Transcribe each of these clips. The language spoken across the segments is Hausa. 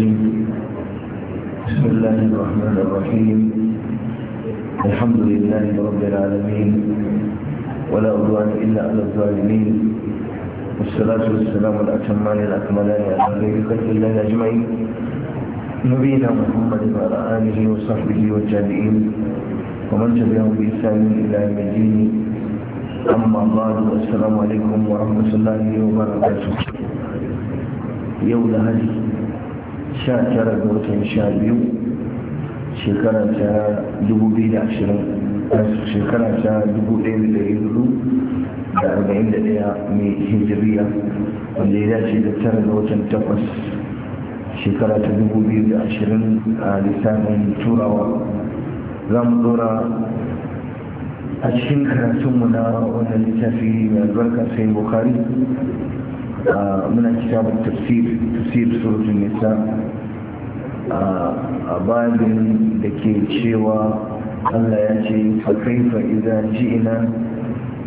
الرجيم بسم الله الرحمن الرحيم الحمد لله رب العالمين ولا عدوان إلا على الظالمين والصلاة والسلام الأكمال الأكملان على خير خلق الله أجمعين نبينا محمد وعلى آله وصحبه والتابعين ومن تبعهم بإحسان إلى يوم الدين أما بعد السلام عليكم ورحمة الله وبركاته يوم هذه 19 ga watan 12 shekara ta 2020 eh, shekara ta 1441 mai hijiriya wanda ya dace da tara ga watan 8 shekara ta 2020 a lissanin turawa za mu dora a cikin karatunmu na wannan littafi mai albarka sai bukari muna kitabun tafsir tafsir surutun nisa a babin da ke cewa Allah ya ce fakaifa idza ji'na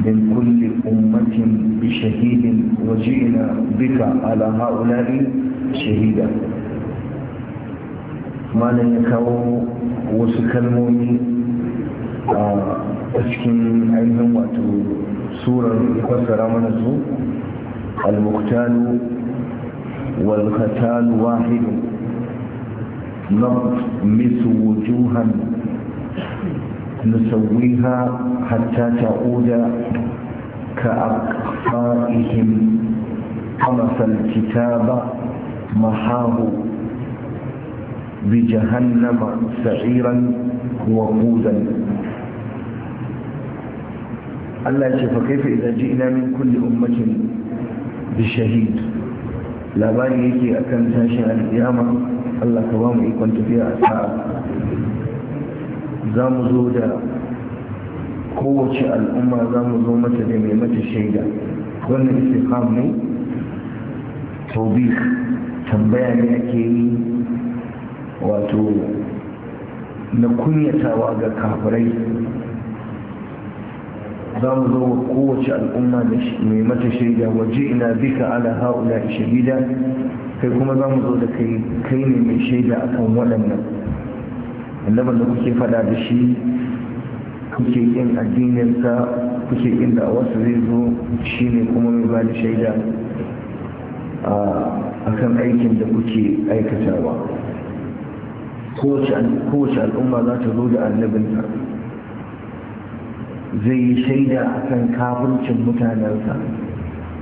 min kulli ummatin bi shahidin wa ji'na bika ala shahida malam ya kawo wasu kalmomi a cikin ainihin wato surar fassara mana su al-muqtalu wal-qatalu wahidun نطمس وجوها نسويها حتى تعود كأقفائهم طمس الكتاب محاه بجهنم سعيرا وقودا الله يشفى كيف إذا جئنا من كل أمة بشهيد لا بالي يجي أكن تاشع القيامة Allah ka ba mu ikon tafiya a sa'a za mu zo da kowace al'umma za mu zo mata da mai mata shaida wannan isi ne tobik tambaya ne ake yi wato na kunyatawa ga kafirai za mu zo wa kowace al'umma da mai mata shaida waje ina bika ala ha'ula shaida kai kuma za mu zo da kai kai ne mai shaida a kan waɗannan annaban da kuke faɗa da shi kuke yin addininsa kuke yin da wasu zai zo shi ne kuma mai ba da shaida a kan aikin da kuke aikatawa kowace al'umma za ta zo da annabinta zai yi shaida a kan kafircin mutanensa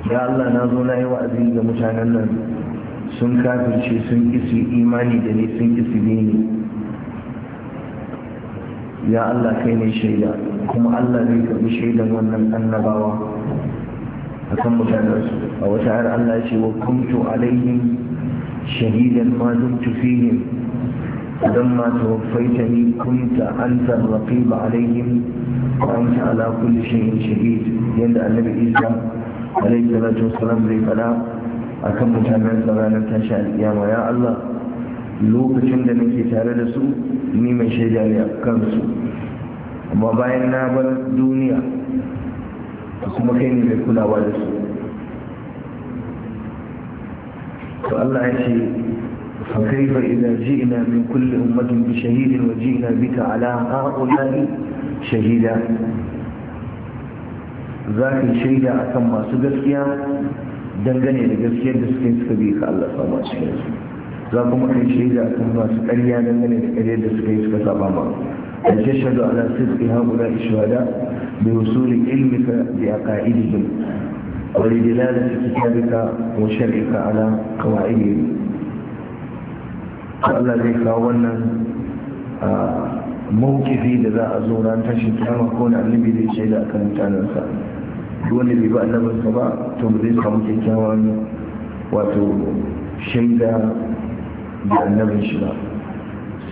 ya Allah na zo na yi wa'azi ga mutanen nan sun kafirce sun kisi imani da ne sun kisi dini ya Allah kai shaida kuma Allah zai karbi shaidan wannan annabawa a kan mutanensu a wata har Allah ce wa kuntu alaihim shahidan ma dutu fihim idan ma tawaffaita ni kunta antar raqiba alaihim kanta ala kulli shay'in shahid yanda annabi Isa alaihi salatu wassalam zai faɗa. akan mutanen ranar tashi alƙiyama ya Allah lokacin da nake tare da su ni mai shaida ne a kansu amma bayan na bar duniya kuma kai ne mai kulawa da su to Allah ya ce فكيف إذا جئنا من كل أمة بشهيد وجئنا بك على هؤلاء شهيدا ذاك الشهيد أكم ما سبسكيا dangane da gaskiyar da suke suka bi ka Allah samu a cikin su za kuma kai kun ba su ƙarya dangane da ƙarya da suka yi suka saba ma da tashhadu ala ha guda ishwada bi wusuli ilmika bi aqaidihim wa li dilalati kitabika wa shar'ika ala qawaidihim Allah zai kawo wannan mawkifi da za a zo ran tashin kiyama ko na annabi zai shaida kan mutanensa duk wanda bai bi annabinsa ba to mu zai samu kyakkyawan wato shaida da annabin shi ba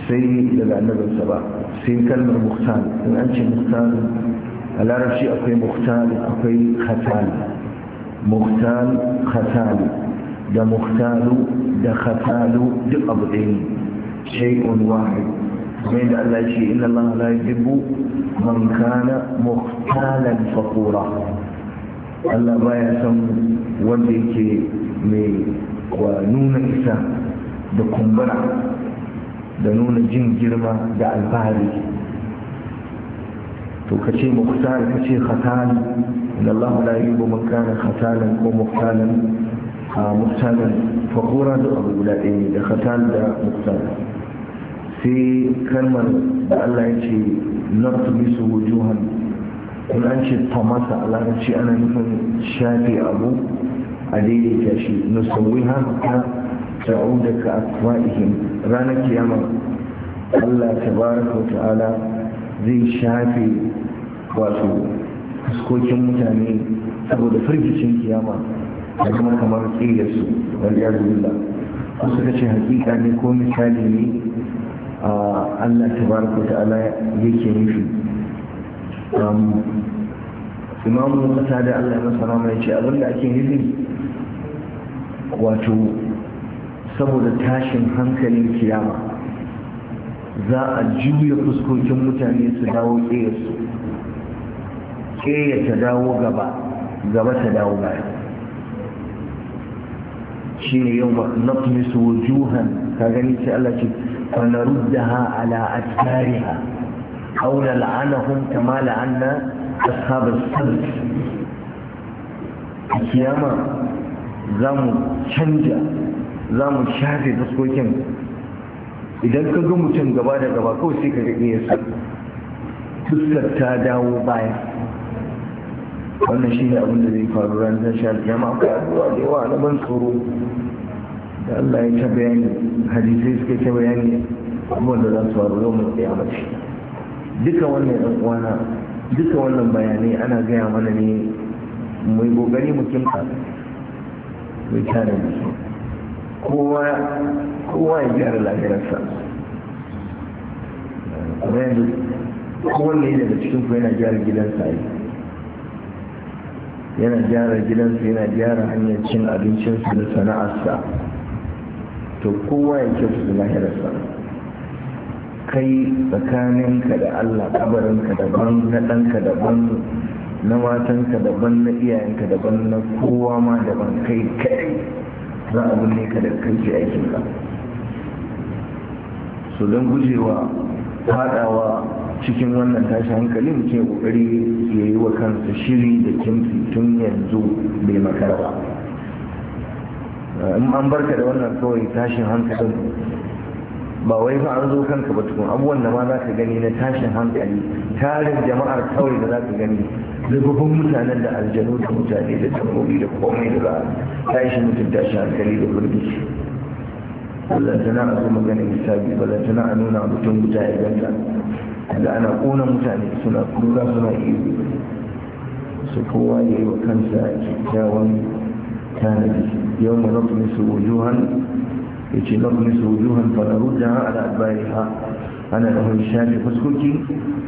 sai daga annabinsa ba sai kalmar muhtar in an ce muhtar a larabci akwai muhtar akwai khatal muhtar khatal da muhtaru da khatalu duk abu ɗaya ne shay'un wahid kamar da Allah ce inna Allah la yuhibbu man kana muhtalan faqura Allah baya son wanda yake mai wa nuna isa da kumbura da nuna jin girma da alfahari to ka ce muktar ka ce khatali in Allah la yubu man kana khatalan ko muktalan a muktalan fakura da abu guda ɗaya ne da khatal da muktal sai kalmar da Allah ya ce nafsu bisu wujuhan in an ce tamasa a larabci ana nufin shafi abu a daidaita shi ta haka da ka asfa'ihim ranar kiyama Allah ta ta'ala zai shafe wato fuskokin mutane saboda firgicin kiyama da kuma kamar tsigarsu waliyar billah suka ce hakika ne ko misali ne Allah ta ta'ala yake nufi um, imamu kasa da allah ya masa rama ya ce abinda ake nufi wato saboda tashin hankalin kiyama za a juya fuskokin mutane su dawo ƙeyarsu ƙeya ta dawo gaba gaba ta dawo baya shi ne yau ba nafnisu wujuhan ka gani sai allah ce fa ha, ala atariha aw nal'anahum kama la'anna ashabar sabt a kiyama za mu canja za mu shafe fuskokin idan ka ga mutum gaba da gaba kawai sai ka ya iya fuskar ta dawo baya wannan shi ne abin da zai faru ran zan sha jama akwai addu'a da yawa na ban tsoro da Allah ya ta bayani hadisai suka ta bayani abubuwan da za su faru yau mai tsayamaci duka wannan ɗan uwana duka wannan bayanai ana gaya mana ne mai gogari mutum ka mai tare da su kowa ya gyara lafiyarsa kuma yanzu kowanne daga cikin ku yana gyara gidansa yi yana gyara gidansa yana gyara hanyar cin abincinsa da sana'arsa to kowa ya kyautu da lahirarsa kai tsakaninka da allah kabarinka daban na ɗanka daban na matanka daban na iyayenka daban na kowa ma daban kai kai za a binne ka da kanki aikin ka so don gujewa fadawa cikin wannan tashi hankali ke kokari ya yi wa kansa shiri da kimfi tun yanzu bai makara ba in an barka da wannan kawai tashin hankalin ba wai fa an zo kanka ba tukun abubuwan da ma za ka gani na tashin hankali tarin jama'ar kawai da za ka gani zubabin mutanen da aljanu da mutane da dabbobi da komai da za a tashi mutum tashin hankali da burgishi ballantana a zo magana misali ballantana a nuna mutum wuta ya ganta da ana kona mutane suna kura suna iri su kowa ya yi wa kansa kyakkyawan tanadi yau mu nufi su wujuhan yace naqnisu wujuhan fa naruddaha ala adbariha ana da wani shafi fuskoki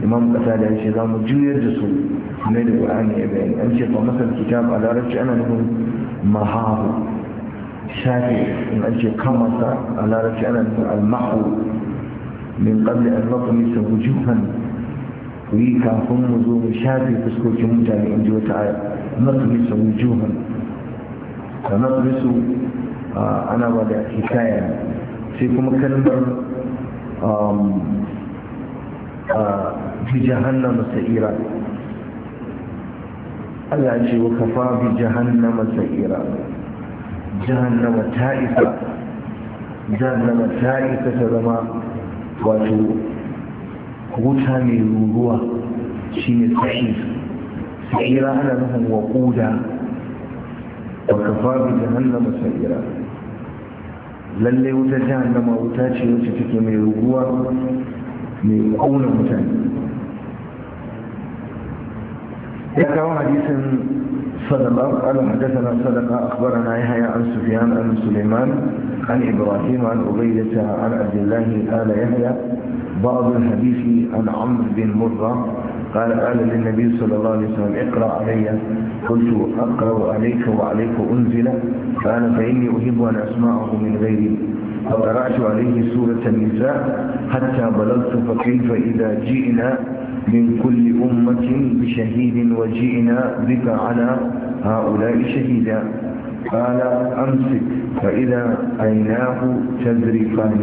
imam kasa da yace zamu juyar da su ne da qur'ani ya bayani an ce fa masal kitab a larabci ana nufin mahahu shafi in an ce kamasa a larabci ana nufin al-mahu min qabli an naqnisa wujuhan ku yi kafin mu zo mu shafe fuskokin mutane in ji wata aya naqnisa wujuhan ka naqnisu ana ba da hikaya sai kuma kalmar um, bi jahannama sa'ira Allah ce wa kafa bi jahannama sa'ira jahannama ta isa jahannama ta isa ta zama wato wuta mai ruruwa shine sa'ir sa'ira ana nufin waƙuda wa kafa bi jahannama sa'ira Lallai wuta jahannama wuta ce wacce take mai ruguwa mai auna mutane ya kawo hadisin sadaka ala hadasana sadaka akhbarana yahya an sufyan an sulaiman an ibrahim an ubaydah an abdullah ala yahya ba'd al hadisi an amr bin murrah قال قال للنبي صلى الله عليه وسلم اقرأ علي قلت أقرأ عليك وعليك أنزل قال فإني أحب أن أسمعه من غيري فقرأت عليه سورة النساء حتى بلغت فكيف إذا جئنا من كل أمة بشهيد وجئنا بك على هؤلاء شهيدا قال أمسك فإذا عيناه تذرفان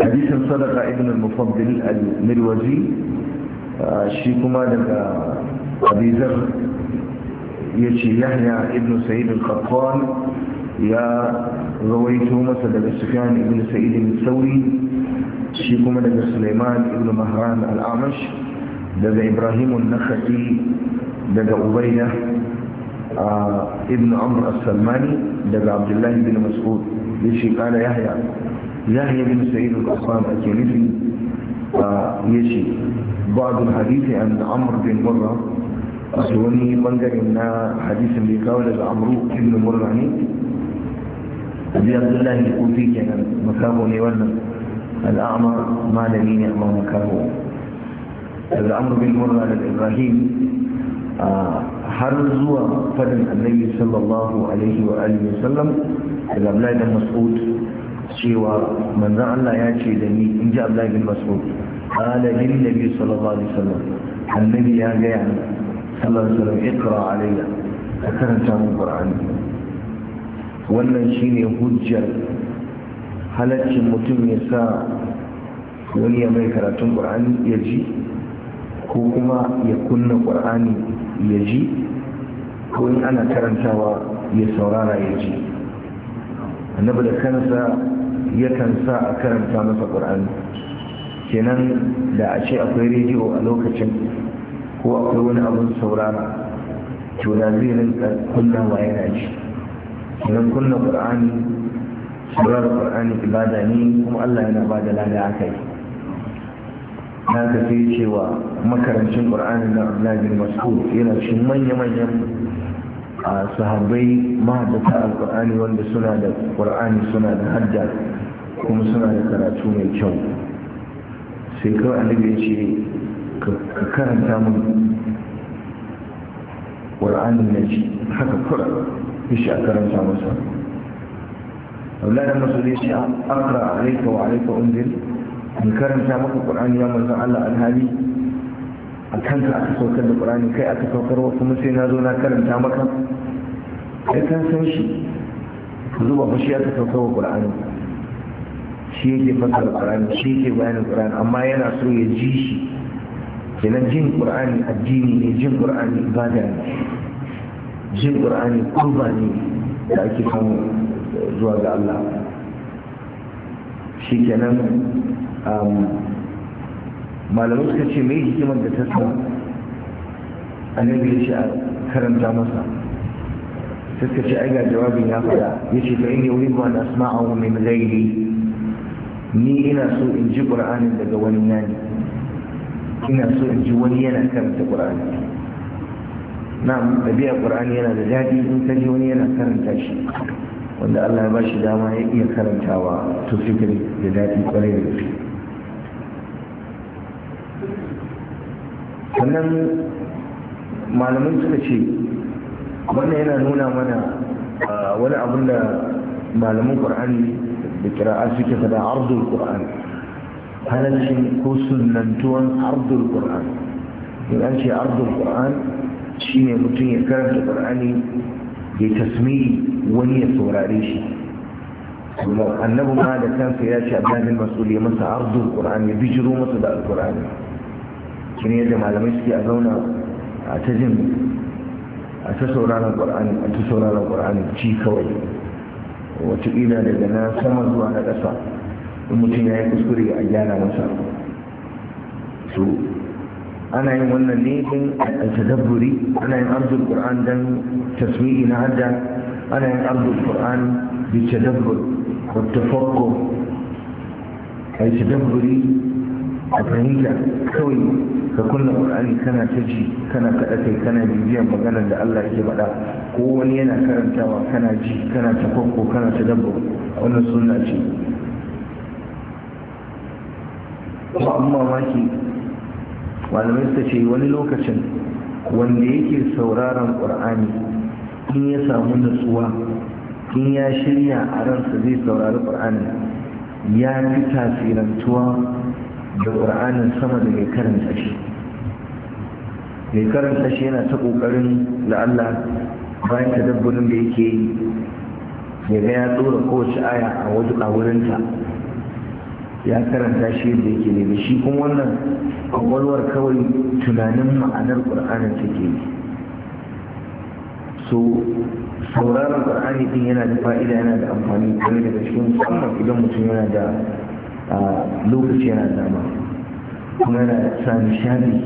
حديث صدق ابن المفضل المروزي shi kuma daga abizar ya ce yahya ibn sa'id al-qattan ya rawaito masa daga sufyan ibn sa'id al-sauri shi kuma daga suleiman ibn mahran al-amash daga ibrahim al-nakhati daga ubayda ibn amr al salmani daga abdullahi ibn mas'ud ya ce kala yahya yahya ibn sa'id al-qattan ake nufi yace ba'd al-hadith an amr bin murra wani bangare na hadisin da ya kawo daga amru ibn murra ne abi abdullahi kufi kenan makamo ne wannan al'amar malami ne amma makamo daga amru murra daga ibrahim har zuwa fadin annabi sallallahu alaihi wa daga mas'ud cewa manzan Allah ya ce da ni in ji Abdullahi bin Mas'ud qala lin nabi sallallahu alaihi wasallam annabi ya ga ya sallallahu alaihi wasallam iqra alayya ka karanta min qur'ani wannan shine hujjar halaccin mutum ya sa wani ya mai karatun qur'ani ya ji ko kuma ya kunna qur'ani ya ji ko in ana karantawa ya saurara ya ji annabi da kansa yakan sa a karanta masa ƙur'ani kenan da a ce akwai rediyo a lokacin ko akwai wani abun saurara to da zai rinka kunnawa yana ji kenan kunna ƙur'ani saurara ƙur'ani ibada ne kuma allah yana ba da lada aka yi na ka sai cewa makarancin ƙur'ani na abdullahi mas'ud yana cikin manya-manyan a sahabbai mahaddata alkur'ani wanda suna da ƙur'ani suna da hajja kuma suna da karatu mai kyau sai kawai annabi ya ce ka karanta mun ƙwar'anin na ci haka kura shi a karanta masa Allah da masu zai ce akra a wa alaika unzil an karanta maka ƙwar'ani ya manzan Allah alhali a kanka aka saukar da ƙur'ani kai aka saukar wa kuma sai na zo na karanta maka kai kan san shi zuba fashi aka saukar wa ƙur'ani. shi yake fasar qur'ani shi yake bayanin qur'ani amma yana so ya ji shi kenan jin ƙar'ani addini ne jin qur'ani ibada ne jin qur'ani kurba ne da ake samu zuwa ga Allah shi kenan um, malamai suka ce mai hikimar da ta sa annabi ya ce a karanta masa suka ce ai ga jawabin ya faɗa ya ce fa inni uridu an asma'ahu min ghairi ni ina so in ji ƙur'anin daga wani yani ina so in ji wani yana karanta ƙur'ani Na ɗabi'a ƙur'ani yana da daɗi in ka ji wani yana karanta shi wanda Allah ya ba shi dama ya iya karantawa to sai da daɗi ƙwarai da gaske sannan malamin suka ce wannan yana nuna mana ah, wani abin da malamin ƙur'ani da kira'a suke fada ardul qur'an halalcin ko sunnantuwan ardul qur'an in an ce ardul qur'an shine mutum ya karanta qur'ani ya tasmiri wani ya saurare shi annabi ma da kansa ya ce abdullahi mas'ul ya masa ardul qur'an ya bijiro masa da alqur'ani shine yadda malamai suke zauna a ta sauraron qur'ani ci kawai wataƙila daga na sama zuwa na ƙasa in mutum ya yi kuskure a gyara masa su ana yin wannan ne don tadabburi ana yin arzul qur'an don tasmi'i na hajja ana yin arzul qur'an bi tadabbur wa tafakkur ai tadabburi a fahimta kawai ka kunna ƙur'ani kana ta ji kana kaɗa kai kana bibiyan maganar da Allah yake faɗa ko wani yana karantawa kana ji kana ta kwakko kana ta dabba wannan sunna ce ba amma mamaki malamai su ce wani lokacin wanda yake sauraron ƙur'ani in ya samu natsuwa in ya shirya a ransa zai saurari ƙur'ani ya fi tasirantuwa da ƙur'anin sama da mai karanta shi mai karanta shi yana ta ƙoƙarin la'alla bayan dabbunin da yake yi ya ga ya tsora kowace aya a wajen a ya karanta shi yadda yake ne shi kuma wannan kwakwalwar kawai tunanin ma'anar ƙur'anin take yi so sauraron ƙur'ani ɗin yana da fa'ida yana da amfani kuma daga cikin musamman idan mutum yana da a lokaci yana dama kuma yana sa nishadi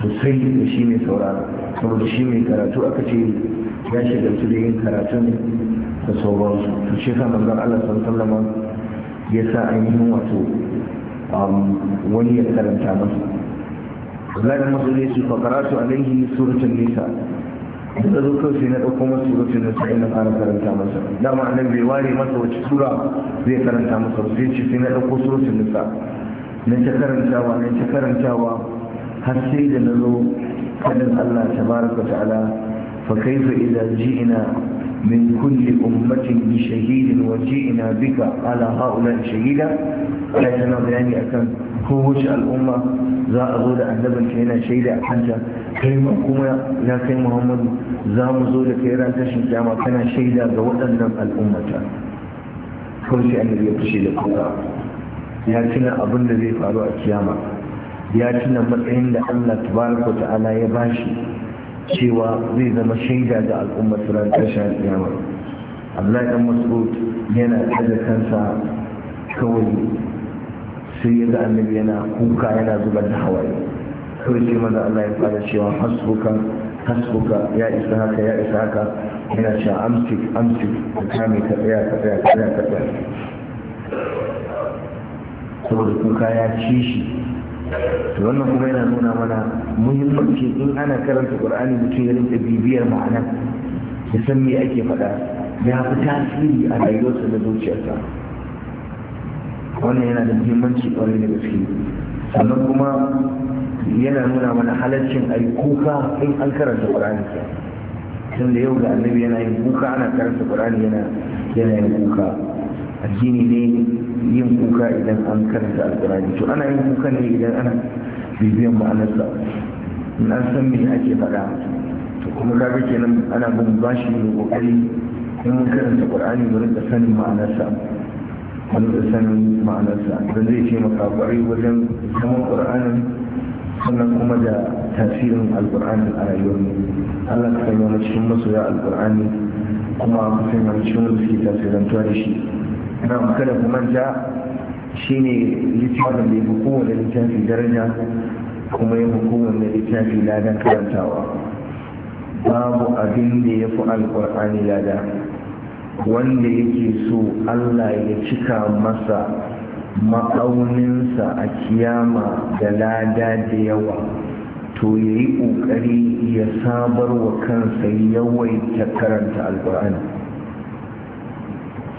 sosai da shi mai sauraro saboda shi mai karatu aka ce ya shiga da yin karatun da sauransu su shi sa manzon Allah sallama ya sa ainihin wato um, wani ya karanta masa Allah da masu zai su fakaratu laihi suratun nisa da zo kawai na ɗauko masu surutun da sai na fara karanta masa dama annabi bai ware masa wace sura zai karanta masa sai ce sai na ɗauko surutun nisa na ta karantawa na ta karantawa har sai da na zo kanin Allah tabaraka ta'ala fa kaifa idza ji'na من كل أمة بشهيد وجئنا بك على هؤلاء شهيدا لا تنظر bayani akan هوش al'umma. za a zo da annabin yana shaida a kanta kai ma kuma ya kai muhammadu za mu zo da kai ran tashin kyama kana shaida ga waɗannan al'ummata kawai annabi ya fushi da kowa ya tuna abin da zai faru a kiyama ya tuna matsayin da allah tabaraka ta'ala ya bashi cewa zai zama shaida ga al'ummar ran tashin kiyama Abdullahi ɗan Mas'ud yana kada kansa kawai sai ya ga annabi yana kuka yana zubar da hawaye kawai sai maza Allah ya fara cewa hasbuka hasbuka ya isa haka ya isa haka yana cewa amsik amsik ka kame ka tsaya ka tsaya ka tsaya ka tsaya saboda kuka ya ci shi to wannan kuma yana nuna mana muhimmanci in ana karanta qur'ani mutum ya rinka bibiyar ma'ana ya san me ake faɗa ya fi tasiri a rayuwarsa da zuciyarsa wannan yana da muhimmanci kwarai da gaske sannan kuma yana nuna mana halaccin a yi kuka in an karanta ƙur'ani tun da yau ga annabi yana yin kuka ana karanta ƙur'ani yana yin kuka addini ne yin kuka idan an karanta alƙur'ani to ana yin kuka ne idan ana bibiyan ma'anarsa in an san me ake faɗa to kuma kaga kenan ana bin bashi ne kokari in mun karanta ƙur'ani mu rinka sanin ma'anarsa wanda san ma'anarsa don zai ce maka kwarai wajen saman ƙur'anin sannan kuma da tasirin alƙur'ani a rayuwar mu allah ka sanya mu cikin masoya alƙur'ani kuma ku sanya mu cikin wanda suke tasirantuwa da shi na kada manta shine littafin da ya fi kowane littafi daraja kuma ya fi kowane littafi ladan karantawa babu abin da ya fi alƙur'ani lada wanda yake so Allah ya cika masa ma'auninsa a kiyama da lada da yawa to ya yi ƙoƙari ya sabar wa kansa yawaita karanta alƙur'ani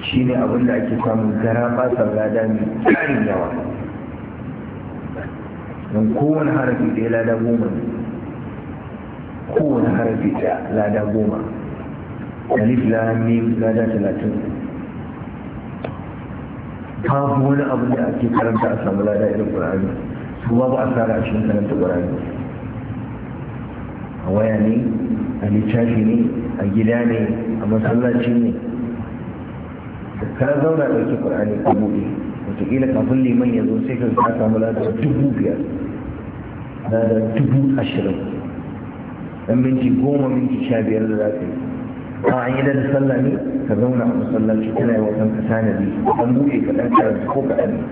shi ne abinda ake samun gara basar lada mai ƙarin yawa don kowane harafi ɗaya lada goma ne kowane harafi lada goma alif lamim lada talatin babu wani abu da ake karanta a samu lada irin ƙur'ani su babu asara a cikin karanta ƙur'ani a waya ne a littafi ne a gida ne a masallaci ne ka zauna ɗauki ƙur'ani ka buɗe wataƙila kafin liman ya zo sai ka ka samu lada dubu biyar lada dubu ashirin ɗan minti goma minti sha biyar da za ka yi a an da sallah ne ka zauna a masallaci kana yawan kanka tanadi an buɗe ka ɗan karanta ko kaɗan ne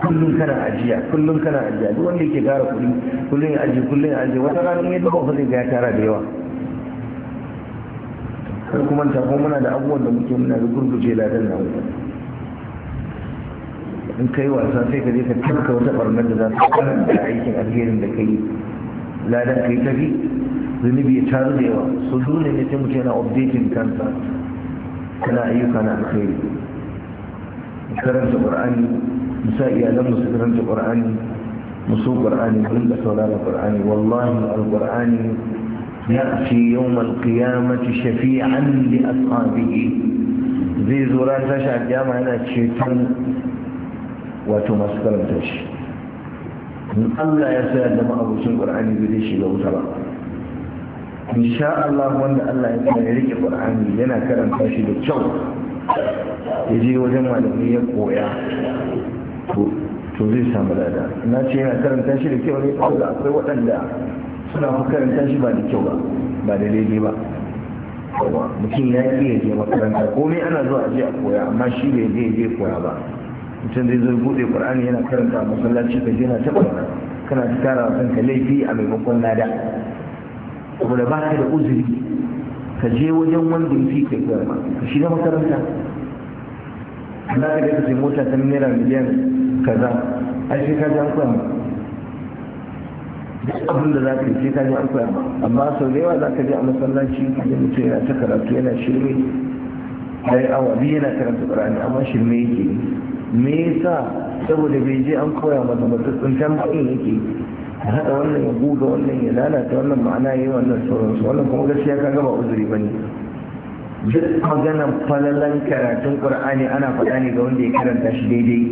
kullum kana ajiya kullum kana ajiya duk wanda yake gara kuɗi kullum ya ajiye kullum ya ajiye wata rana in ya duba fa zai ga ya tara da yawa sai kuma ta ko muna da abubuwan da muke muna da gurguje ladan na wuta in kai wasa sai ka je ka tafka wata ɓarnar da za ta karanta aikin alherin da ka kai ladan yi tafi zunubi ya taru da yawa su dole ne sai mutum yana updating kansa kana ayyuka na alkhairi karanta qur'ani musa iyalan mu su karanta qur'ani musu qur'ani mun da saurara qur'ani wallahi alqur'ani ya'ti yawm alqiyamati shafi'an li ashabihi zai zo ran tashi alkiyama yana ceton wato masu karanta shi in Allah ya sayar da ma'abucin qur'ani zai shiga wuta ba insha Allah wanda Allah ya ya rike Qur'ani yana karanta shi da kyau ya je wajen malami ya koya to zai samu lada na ce yana karanta shi da kyau ne saboda akwai waɗanda suna fi karanta shi ba da kyau ba ba da daidai ba mutum ya ki ya je makaranta komai ana zuwa je a koya amma shi bai je ya je koya ba mutum zai zo bude qur'ani yana karanta masallaci ka je na tabbata kana ta tara kanka laifi a maimakon lada kuma da baka da uzuri ka je wajen wanda ya fi kai garma ka shiga makaranta za ka je ka mota ta naira miliyan kaza a shi ka ji an koya ma abin da za ka yi sai ka ji an koya ma amma sau da yawa za ka je a masallaci da mutum yana ta karatu yana shirme yi awa biyu yana karanta ƙarani amma shirme yake me yasa saboda bai je an koya masa matsatsin tambayin yake ya haɗa wannan ya guga wannan ya lalata wannan ma'ana yi wannan sauransu wannan kuma gaskiya ka gaba uzuri ba ne duk maganan falalan karatun ƙur'ani ana faɗa ne ga wanda ya karanta shi daidai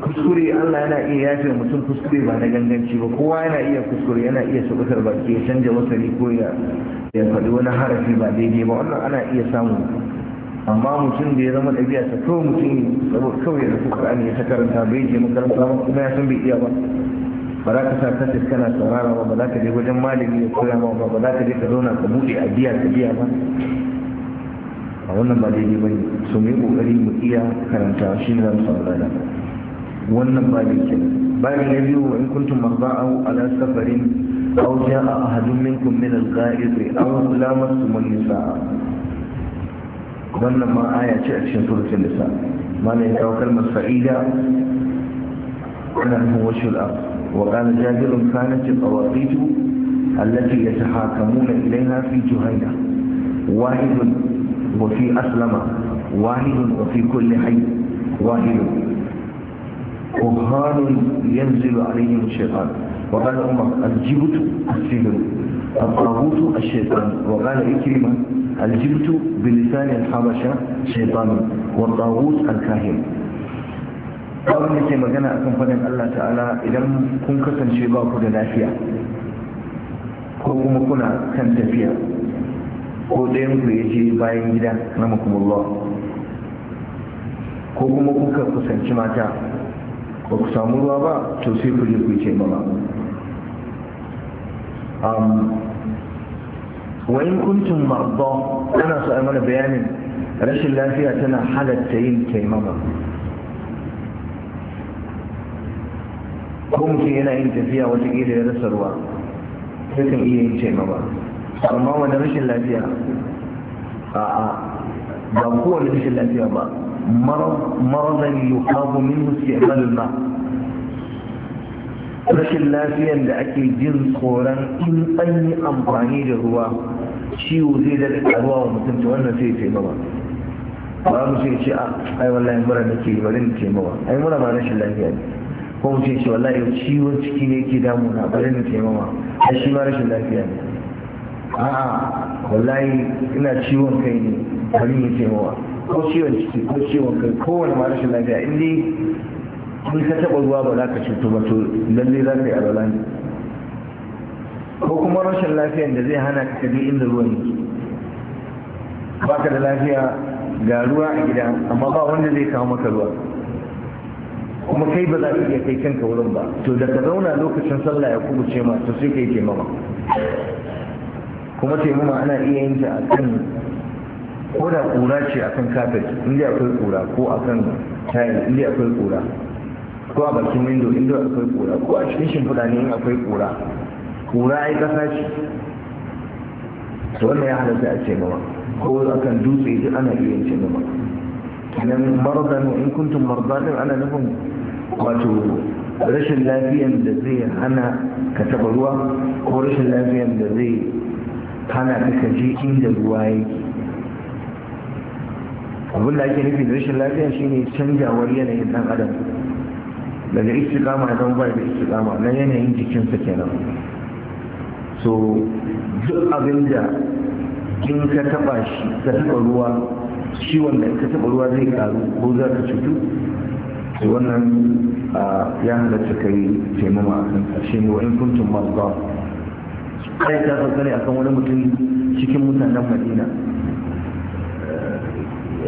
kuskure allah yana iya yafe mutum kuskure ba na ganganci ba kowa yana iya kuskure yana iya sabutar baki ya canja wasari ko ya faɗi wani harafi ba daidai ba wannan ana iya samu amma mutum da ya zama ɗabi'a ta to mutum ne saboda kawai da kuka ne ya ta karanta bai je makaranta ba kuma ya san bai iya ba ba za ka sa ka kana saurara ba ba za ka je wajen malami ya koya ba ba za ka je ka zauna ka buɗe a biya ka biya ba a wannan ba daidai ba ne su mai ƙoƙari mu iya karanta shi ne za mu samu wannan ba da ke bayan ya biyu wa in kuntum marza'au ala safarin aw ja'a ahadun minkum min al-gha'ib aw lamastum an-nisaa wannan ma aya ce a cikin suratul nisa mana ya kawo kalmar sa'ida ana nufin washul ab wa qala jabirun kanat al-qawaqitu allati yatahakamuna ilayha fi juhayna wahidun wa fi aslama wahidun wa fi kulli hayy wahidun قهان ينزل عليهم الشيطان وقال عمر الجبت السجن الطاغوت الشيطان وقال إكرمة الجبت بلسان الحبشة شيطان والطاغوت الكاهن abin da ke magana a kamfanin Allah ta'ala idan kun kasance ba ku da lafiya ko kuma kuna kan tafiya ko ɗayan ku ya je bayan gida na makumullah ko kuma kuka kusanci mata ba ku samu ruwa ba to sai ku je ku ce ba wa in kuntum marda ana so a mana bayanin rashin lafiya tana halatta yin taimama ko mutum yana yin tafiya watakila ya rasa ruwa yakan iya yin taimama amma wani rashin lafiya a'a ba kowane rashin lafiya ba marazan yuqabu minhu istiqbal ma rashin lafiyan da ake jin tsoron in an yi amfani da ruwa ciwo zai daga karuwa wa mutum ta wannan sai ya taimama ba mu sai ce a ah, ai wallahi mura nake yi bari ni taimama ai mura ba rashin lafiya ne ko mu sai ce wallahi ciwon ciki ne yake damuna bari ni taimama ai shi ma rashin lafiya ne a'a wallahi ina ciwon kai ne bari ni taimama ko ciwon ciki ko ciwon kai kowane ma rashin lafiya in dai kun ka taɓa ruwa ba za ka cutu ba to lalle za ka yi alwala ko kuma rashin lafiyar da zai hana ka kaje inda ruwan yake baka da lafiya ga ruwa a gida amma ba wanda zai kawo maka ruwa kuma kai ba za ka iya kai kanka wurin ba to da ka zauna lokacin sallah ya kubuce ma to sai kai taimama kuma taimama ana iya yin ta kan ko da kura ce akan kafet inda akwai kura ko akan tayi inda akwai kura ko a bakin windo inda akwai kura ko a cikin shimfiɗa ne in akwai kura kura ai kasa ce to wannan ya halatta a ce gaba ko kan dutse duk ana iya ce gaba kenan mardan in kuntum mardan ana nufin wato rashin lafiyan da zai hana ka taba ruwa ko rashin lafiyan da zai hana ka kaje inda ruwa ya abin da ake nufi da rashin lafiya shine canjawar yanayin dan adam daga istiqama ya zama bai da istiqama na yanayin jikinsa kenan so duk abin da in ka taba shi ka taba ruwa shi wanda ka taba ruwa zai karu ko za ka cutu to wannan ya halatta kai taimama a kan ƙarshe ne wa'in kuntun masu marda kai ta tsantsare akan wani mutum cikin mutanen madina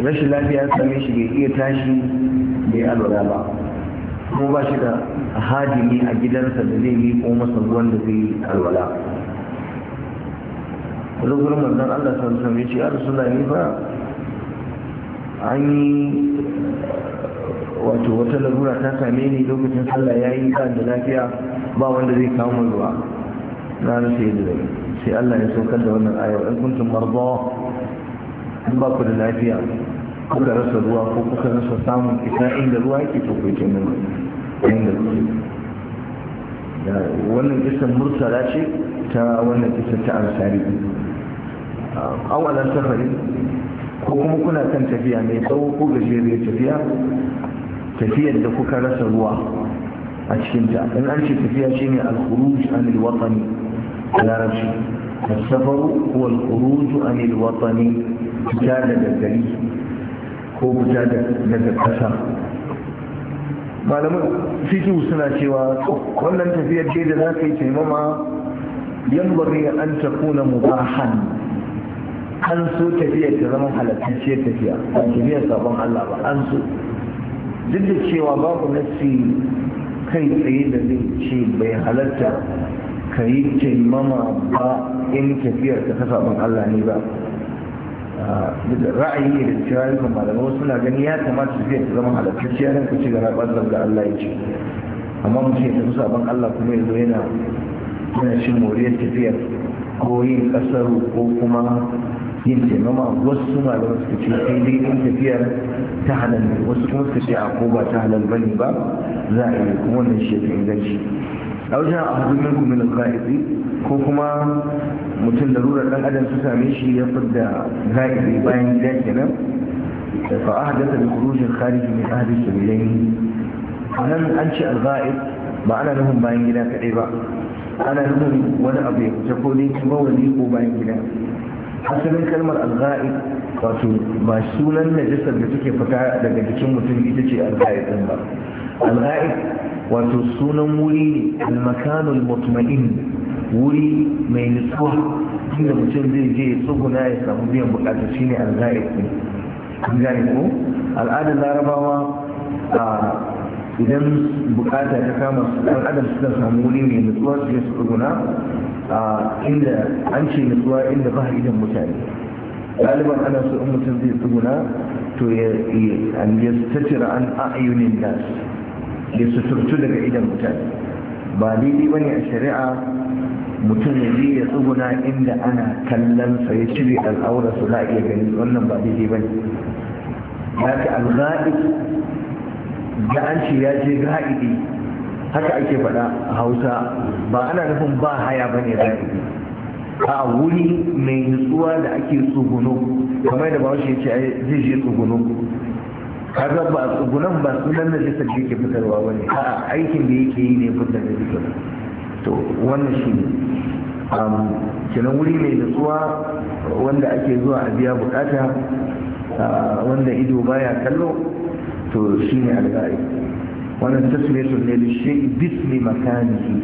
rashin lafiya ya same shi bai iya tashi bai alwala ba kuma ba shi da hajji ne a gidansa da zai yi ko masa ruwan da zai alwala wani gurin manzan allah sallallahu alaihi ce a rasulullah ne fa an yi wato wata larura ta same ni lokacin sallah ya yi ba da lafiya ba wanda zai kawo mu ruwa na rasa yadda zai sai allah ya saukar da wannan ayar in kuntum marda in ba ku da lafiya kuka rasa ruwa ko kuka rasa samun isa inda ruwa yake to ku yi inda wannan kisan mursala ce ta wannan kisan ta ansari aw ala safari ko kuma kuna kan tafiya mai tsawo ko gajeriyar tafiya tafiyar da kuka rasa ruwa a cikin ta in an ce tafiya shine al-khuruj an al-watani larabci السفر هو الخروج عن الوطن تجادة الدليل ko fita daga ƙasa malaman fito suna cewa wannan tafiyar ce da za ka yi taimama yan bari an ta kuna mubahan an so tafiya ta zama ce tafiya ba tafiya sabon Allah ba an so duk da cewa babu nasi kai tsaye da zai ce bai halatta ka yi taimama ba in tafiyar ta ta sabon Allah ne ba ra'ayi ne da cewa da malamai suna gani ya kamata tafiya ta zama ce nan ku ci gaba ɓazar ga Allah ya ce amma mutum ya tafi sabon Allah kuma yanzu yana yana cin moriyar tafiyar ko yin kasar ko kuma yin taimama wasu suna da wasu ce sai dai in tafiya ta halal ne wasu kuma suka ce a ko ba ta halal bane ba za a yi kuma wannan shi ya inganci a wajen abu min kumin ga'ibi ko kuma mutum da rurar dan adam su same shi ya fidda ga'ibi bayan gida kenan Da fa da bi khuruj al-kharij min ahli sabilaini nan an ce al ba ana nufin bayan gida kadai ba ana nufin wani abu ya fita ko ne kuma wani ko bayan gida asalin kalmar alga'id wato ba sunan najisar da suke fita daga jikin mutum ita ce alga'id din ba alga'id wato sunan wuri almakanul mutmain wuri mai nutsuwa inda mutum zai je ya tsuguna ya samu biyan bukata shine alga'id din kun gane ko al'adar larabawa idan bukata ta kama dan adam suka samu wuri mai nutsuwa su su tsuguna a inda an ce nutsuwa inda ba idan mutane ɗaliban ana so in mutum zai tsuguna to ya tattara an a'ayunin da, ya suturtu daga idan mutane ba daidai bane a shari'a mutum ya je ya tsuguna inda ana kallon sa ya cire al'aurarsa za a iya gani wannan ba daidai bane ya ka al da an ce ya je ga'idi haka ake faɗa a hausa ba ana nufin ba haya ba ne ga'idi a wuri mai nutsuwa da ake tsuguno kamar da bawashi ya ce zai je tsuguno kaga ba tsugunan ba sunan na jisar da yake fitarwa ba ne a aikin da yake yi ne fitar da jisar to wannan shi ne kenan wuri mai nutsuwa wanda ake zuwa a biya bukata wanda ido baya kallo to shi ne alga'ib wannan tasmiyatun ne lishai bismi makanihi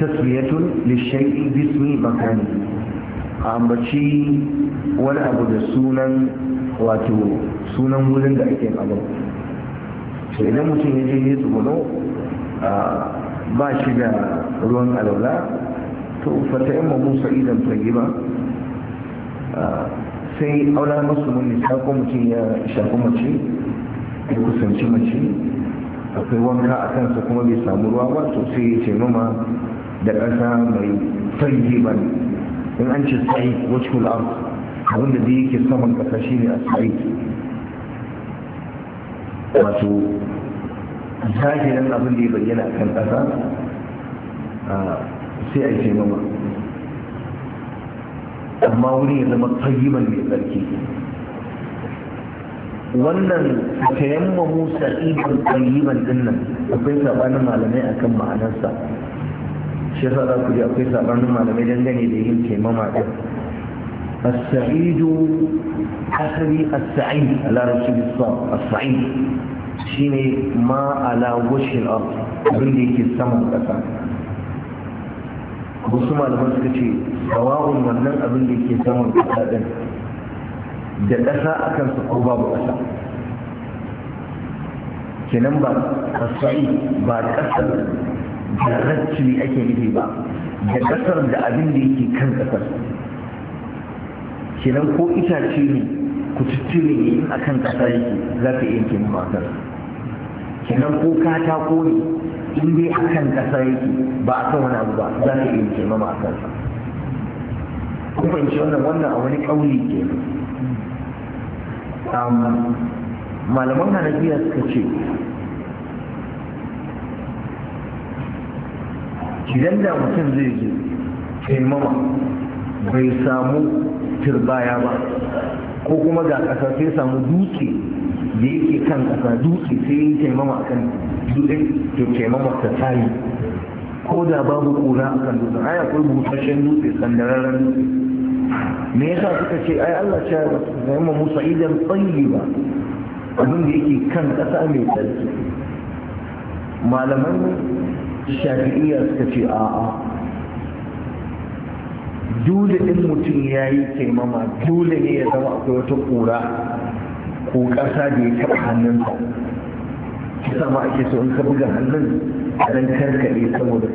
tasmiyatun lishai bismi a ambaci wani abu da sunan wato sunan wurin da ake abu to idan mutum ya je ne a ba shi da ruwan alaula to fata yamma musa idan ba? sai aula musulmi ne nisa ko mutum ya shafi mace ya kusanci mace akwai wanka a kansa kuma bai samu ruwa ba to sai ya ce mama da ƙasa mai sanyi ba ne in an ce sai wacce kul'ar abinda da yake saman ƙasa shi ne a sai wato zahirin abin da ya bayyana a kan ƙasa sai a ce mama amma wuri ya zama tayyiban mai tsarki wannan tayammamu sa'idan tayyiban din nan akwai sabanin malamai akan ma'anarsa shi yasa za ku ji akwai sabanin malamai dangane da yin taimama din السعيد أخري السعيد على رسول الله Sa'id شيني ما على وجه abin da yake saman kasa wasu malaman suka ce sawa'un wannan abin da ke saman kasa din da ƙasa a kansu ko babu ƙasa kenan ba kasai ba ƙasar da rancini ake nufi ba da ƙasar da abin da yake kan ƙasar kenan ko itace ne ku tuttune ne a kan ƙasa yake za ka iya kenan matar kenan ko katako ne in dai kan ƙasa yake ba a kan wani abu ba za ka iya kenan matar in ce wannan wannan a wani ƙauli kenan malaman hanafiya suka ce idan da mutum zai je taimama bai samu turbaya ba ko kuma ga ƙasa sai samu dutse da yake kan ƙasa dutse sai yi taimama a kan dutsen to taimama ta tari. ko da babu ƙura a kan dutsen ai mutashen dutse sandararren dutse me yasa suka ce ai Allah ya yi mu Musa idan tayyiba abin da yake kan kasa mai tsarki malaman shafi'iyya suka ce a'a dole in mutum ya yi taimama dole ne ya zama akwai wata ƙura ko ƙasa da ya taɓa hannunsa kisa ma ake so in ka buga hannun dan karkaɗe saboda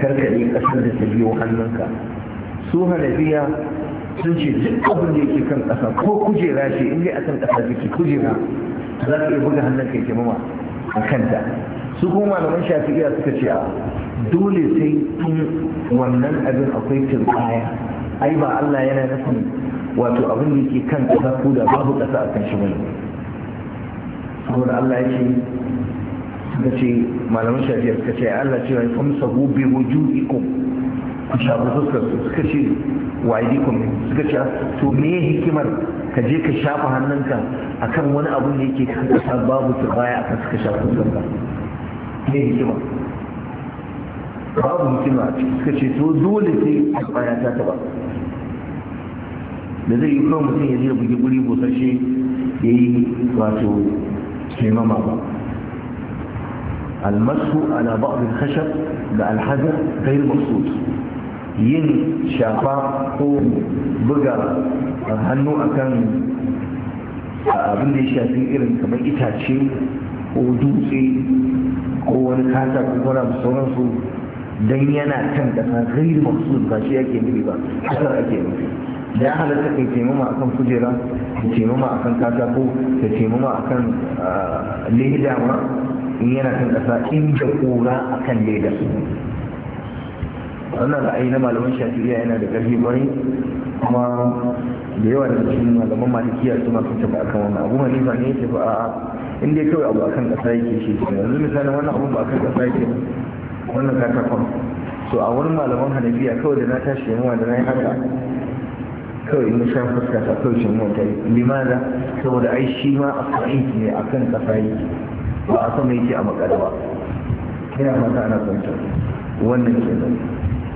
ƙasar da ta biyo hannunka su hanabiya sun ce duk abin da yake kan ƙasa ko kujera ce in dai a kan ƙasa ce kujera za ka iya buga hannun kai kimama a kanta su kuma malaman shafi'iya suka ce a dole sai in wannan abin akwai turbaya ai ba Allah yana nufin wato abin da yake kan ƙasa ko da babu ƙasa a kan shi bane saboda Allah ya ce suka ce malaman shafi'iya suka ce Allah cewa famsahu bi wujudikum ku shafi fuskar su suka ce wa aydikum suka ce to me hikimar ka je ka shafa hannunka akan wani abu da yake kan kasa babu su baya akan suka shafa hannunka me hikima babu hikima suka ce to dole sai a baya ta taba da zai yi kawai mutum ya je bugi guri busashe ya yi wato taimama ba almasu ala ba'd al-khashab da al-hajar ghayr yin shafa ko buga hannu akan abin da ya shafi irin kamar itace ko dutse ko wani kasa ko kwana da sauransu don yana kan kasa gairi masu ba shi ke nufi ba kasar ake nufi da ya halatta kai taimama akan kujera da taimama akan ko da taimama akan leda ma in yana kan kasa inda kura akan leda wannan ra'ayi na malaman shafi'iyya yana da ƙarfi ƙwarai kuma da yawa daga cikin malaman malikiya su masu tafi akan wannan abu hanifa ne yake ba a'a in dai kawai abu akan ƙasa yake shi yanzu misalin wannan abu ba akan ƙasa yake wannan katakon so a wurin malaman hanafiya kawai da na tashi yamuwa da na yi haka kawai na sha fuska ta kawai shi mota limana saboda ai shi ma a sa'inki ne a kan ƙasa yake ba a sama yake a makarwa ina mata ana kwanta wannan ke nan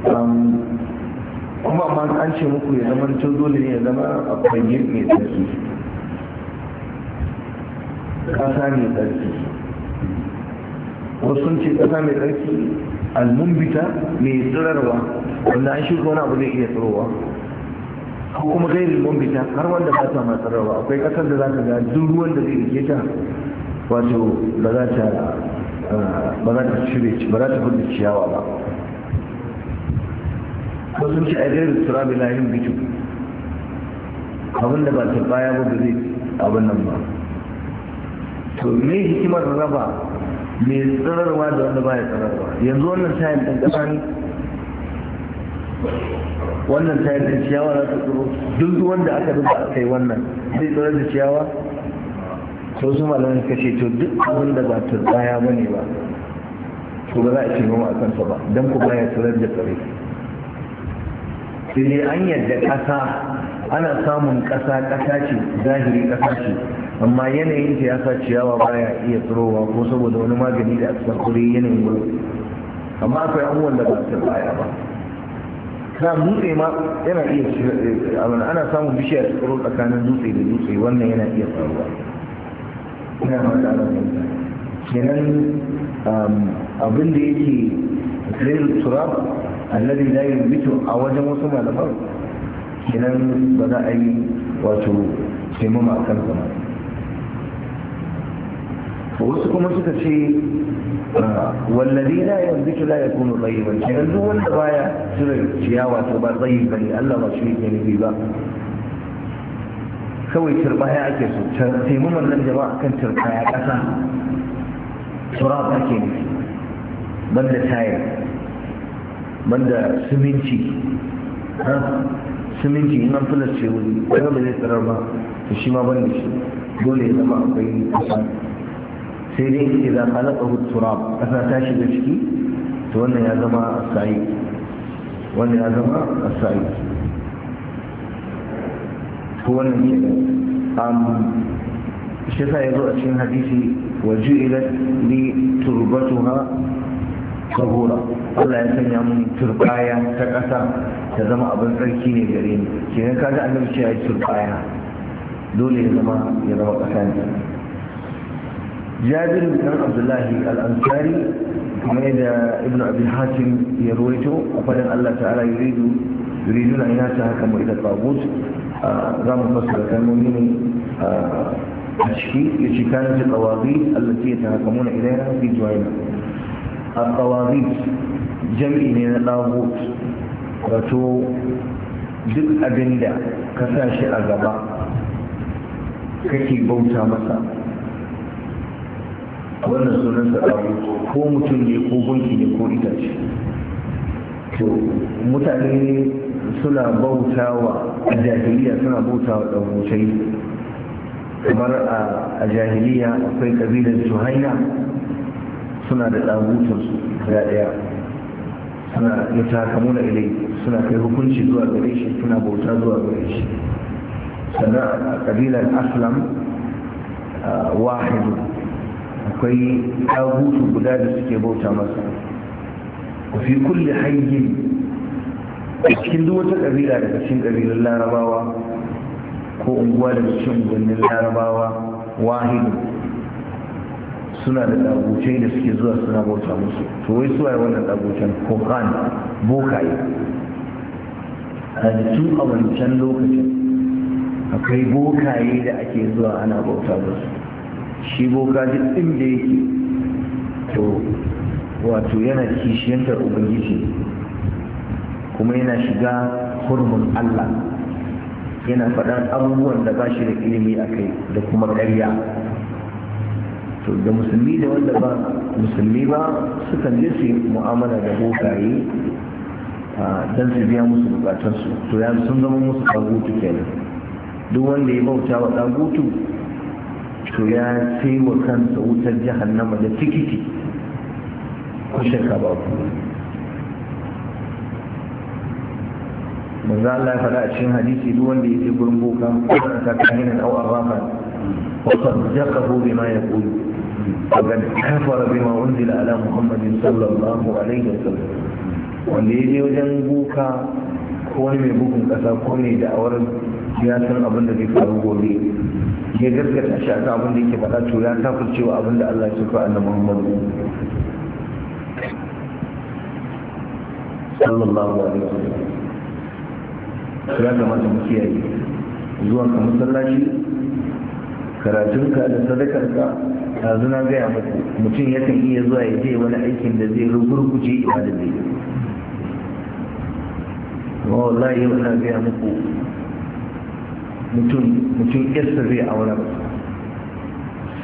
kuma ma an ce muku ya zama cin dole ne ya zama a fage mai tsarki ƙasa mai tsarki wasu sun ce ƙasa mai tsarki almumbita mai tsirarwa wanda an shi wani abu zai iya tsirowa ko kuma gairi mumbita har wanda ba ta ma akwai ƙasar da za ka ga duk ruwan da zai rike ta wato ba za ta ah, ba za ta shirye ba za ta ciyawa ba ko sun a jirgin turabi na yin bikin abinda ba ta baya ba ba zai abin nan ba to me hikimar raba mai tsararwa da wanda ba ya tsararwa yanzu wannan tayin ɗan ƙasa ne wannan tayin ɗan ciyawa za ta tsoro duk wanda aka duba aka yi wannan zai tsorar da ciyawa to su malamin ka to duk abin da ba ta baya ba ne ba to ba za a ce noma a kansa ba don ku baya tsorar da tsare sai an yadda ƙasa ana samun ƙasa ƙasa ce zahiri ƙasa ce amma yanayin ta ya sa ciyawa baya iya tsirowa ko saboda wani magani da aka kure yanayin gudu amma akwai an wanda ba su baya ba ta dutse ma yana iya eh, abin ana samun bishiyar tsoro tsakanin dutse da dutse wannan yana iya faruwa ina mata ana kenan um, abin da yake trail turab annabi la yubitu a wajen wasu malaman kenan ba za a yi wato taimama kan sama wasu kuma suka ce ah, wallazi la yanzu la yakunu tayyiban kenan duk wanda baya cire ciyawa to ba tsayi bane Allah ba shi ne nufi ba kawai turbaya ake so taimaman nan jama'a kan turbaya kasa turab ake nufi banda tayar banda siminti ha siminti in an filace wuri wani ba zai tsirar ba to shi ma da shi dole ya zama akwai kasa sai dai idan halaka turab kasa ta shiga ciki to wannan ya zama sa'i wannan ya zama sa'i to wannan ke um shi sa yazo a cikin hadisi wa ju'ilat li turbatuha saboda Allah ya sanya mun turbaya ta ƙasa ta zama abin tsarki ne gare ni kenan kaga annabi ce ai turbaya dole ya zama ya zama ƙasa ne Jabir bin Abdullahi al-Ansari kuma yadda Ibn Abi Hatim ya ruwaito a fadin Allah ta'ala yuridu yuriduna ina ta haka mu ila tagut za mu fassara kalmomi ne a ciki ya ce kana ta qawabi allati yatahakamuna fi الطواغيت jam'i ne na ɗagut wato duk abinda ka sa shi a gaba kake bauta masa wannan sa ɗagut ko mutum ne ko gunki ne ko itace to mutane suna bauta wa a jahiliya suna bauta wa ɗagutai kamar a jahiliya akwai ƙabilar suhaina suna da ɗagutunsu guda ɗaya suna ya takamuna ilai suna kai hukunci zuwa gare shi suna bauta zuwa gare shi sannan a ƙabilar aslam wahidu akwai ɗagutu guda da suke bauta masa fi kulle hayyin cikin duk wata ƙabila daga cikin ƙabilun larabawa ko unguwa daga cikin unguwannin larabawa wahidu suna da dagucai da suke zuwa suna bauta musu to wai suwaye wannan dagucan kokan bokaye halittu a wancan lokacin akwai bokaye da ake zuwa ana bauta musu shi boka duk inda yake to wato yana kishiyantar ubangiji kuma yana shiga hurmun allah yana faɗan abubuwan da ba shi da ilimi a kai da kuma ƙarya to da musulmi da wanda ba musulmi ba sukan je su mu'amala da bokaye don su biya musu bukatarsu to ya sun zama musu ɗagutu kenan duk wanda ya bauta wa ɗagutu to ya sai wa kansa wutar jahannama da tikiti ko shakka ba ku manzo Allah ya faɗa a cikin hadisi duk wanda ya je gurin boka ko ta kahinan au arrafa wa qad jaqahu bima yaqulu فقد كفر بما أنزل على محمد صلى الله عليه وسلم wanda ya je wajen buka ko wani mai bugun kasa ko ne da awar ya san abin da zai faru gobe ya gaskata shi akan abin da yake faɗa to ya kafir cewa abin da Allah ya sufa annabi Muhammadu sallallahu alaihi wasallam ya kamata mu kiyaye zuwa ka masallaci karatunka da sadakarka yanzu na gaya muku mutum yakan iya zuwa ya je wani aikin da zai rugurguje ibadar da yi wallahi yau ina gaya muku mutum mutum yarsa zai aura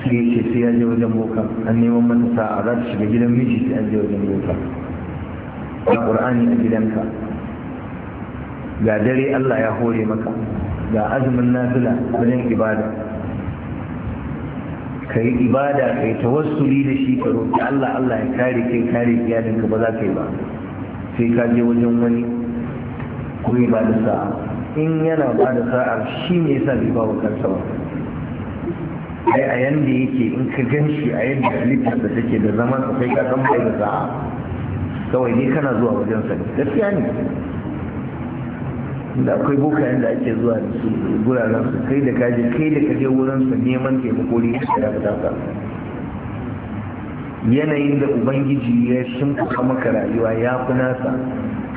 sai ya ce sai ya je wajen boka an neman mata sa'a za ta shiga gidan miji sai an je wajen boka ga ƙur'ani a gidanka ga dare allah ya hore maka ga azumin nafila wajen ibada ka yi ibada ka yi tawassuli da shi ka roƙi Allah Allah ya kare kai kare iyalinka ba za ka yi ba sai ka je wajen wani kuma ba da sa'a in yana ba da sa'a shi ne yasa bai ba wa kansa ba ai a yanda yake in ka gan shi a yanda halittar da take da zaman sai ka san bai da sa'a kawai ne kana zuwa wajen sa gaskiya ne da akwai boka da ake zuwa da su guraren su kai da kaje kai da kaje wurin su neman taimako ne su da ka yanayin da ubangiji ya shimfiɗa maka rayuwa ya fi nasa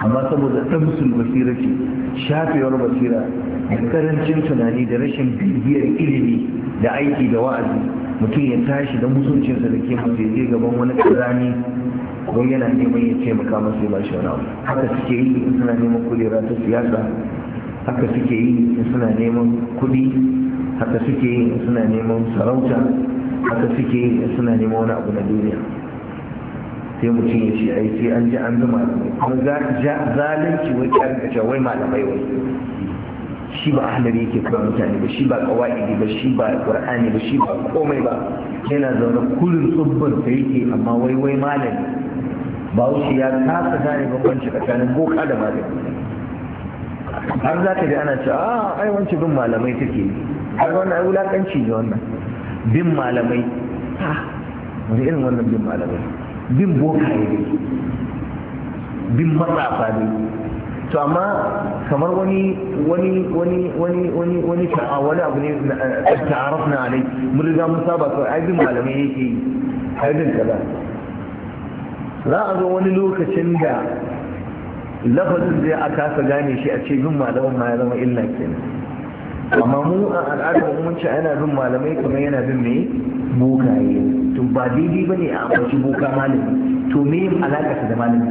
amma saboda tamsul basira ce shafewar basira da karancin tunani da rashin bibiyar ilimi da aiki da wa'azi mutum ya tashi da mutuncinsa da ke mutum ya gaban wani ƙazani don yana neman ya taimaka masa ya ba shi wani abu haka suke yi suna neman kulera ta siyasa haka suke yi suna neman kudi haka suke yi suna neman sarauta haka suke yi suna neman wani abu na duniya sai mutum ya ce ai sai an ji an zama kuma zalunci wai kyarin ka wai malamai wai shi ba ahlari yake kuma mutane ba shi ba kawai ba shi ba qur'ani ba shi ba komai ba yana zaune kullum tsubbin sai yake amma wai wai malami ba ya kasa gane bambanci tsakanin boka da malami har za ka ji ana cewa a ah, ai wancan bin malamai take har wannan ai wulakanci ne wannan bin malamai ha wani irin wannan bin malamai bin bokaye ne bin matsafa ne to amma kamar wani wani wani wani wani wani ta'a wani abu ne a eh, ta'arafna alai mun riga mun saba kawai ai bin malamai yake yi ai bin kaza za a zo wani lokacin da lafazin zai a kasa gane shi a ce bin malamin ma ya zama illa kenan amma mu a al'adar umarci ana bin malamai kamar yana bin mai bukaye. to ba daidai ba ne a ambaci boka malami to me alaƙa da malami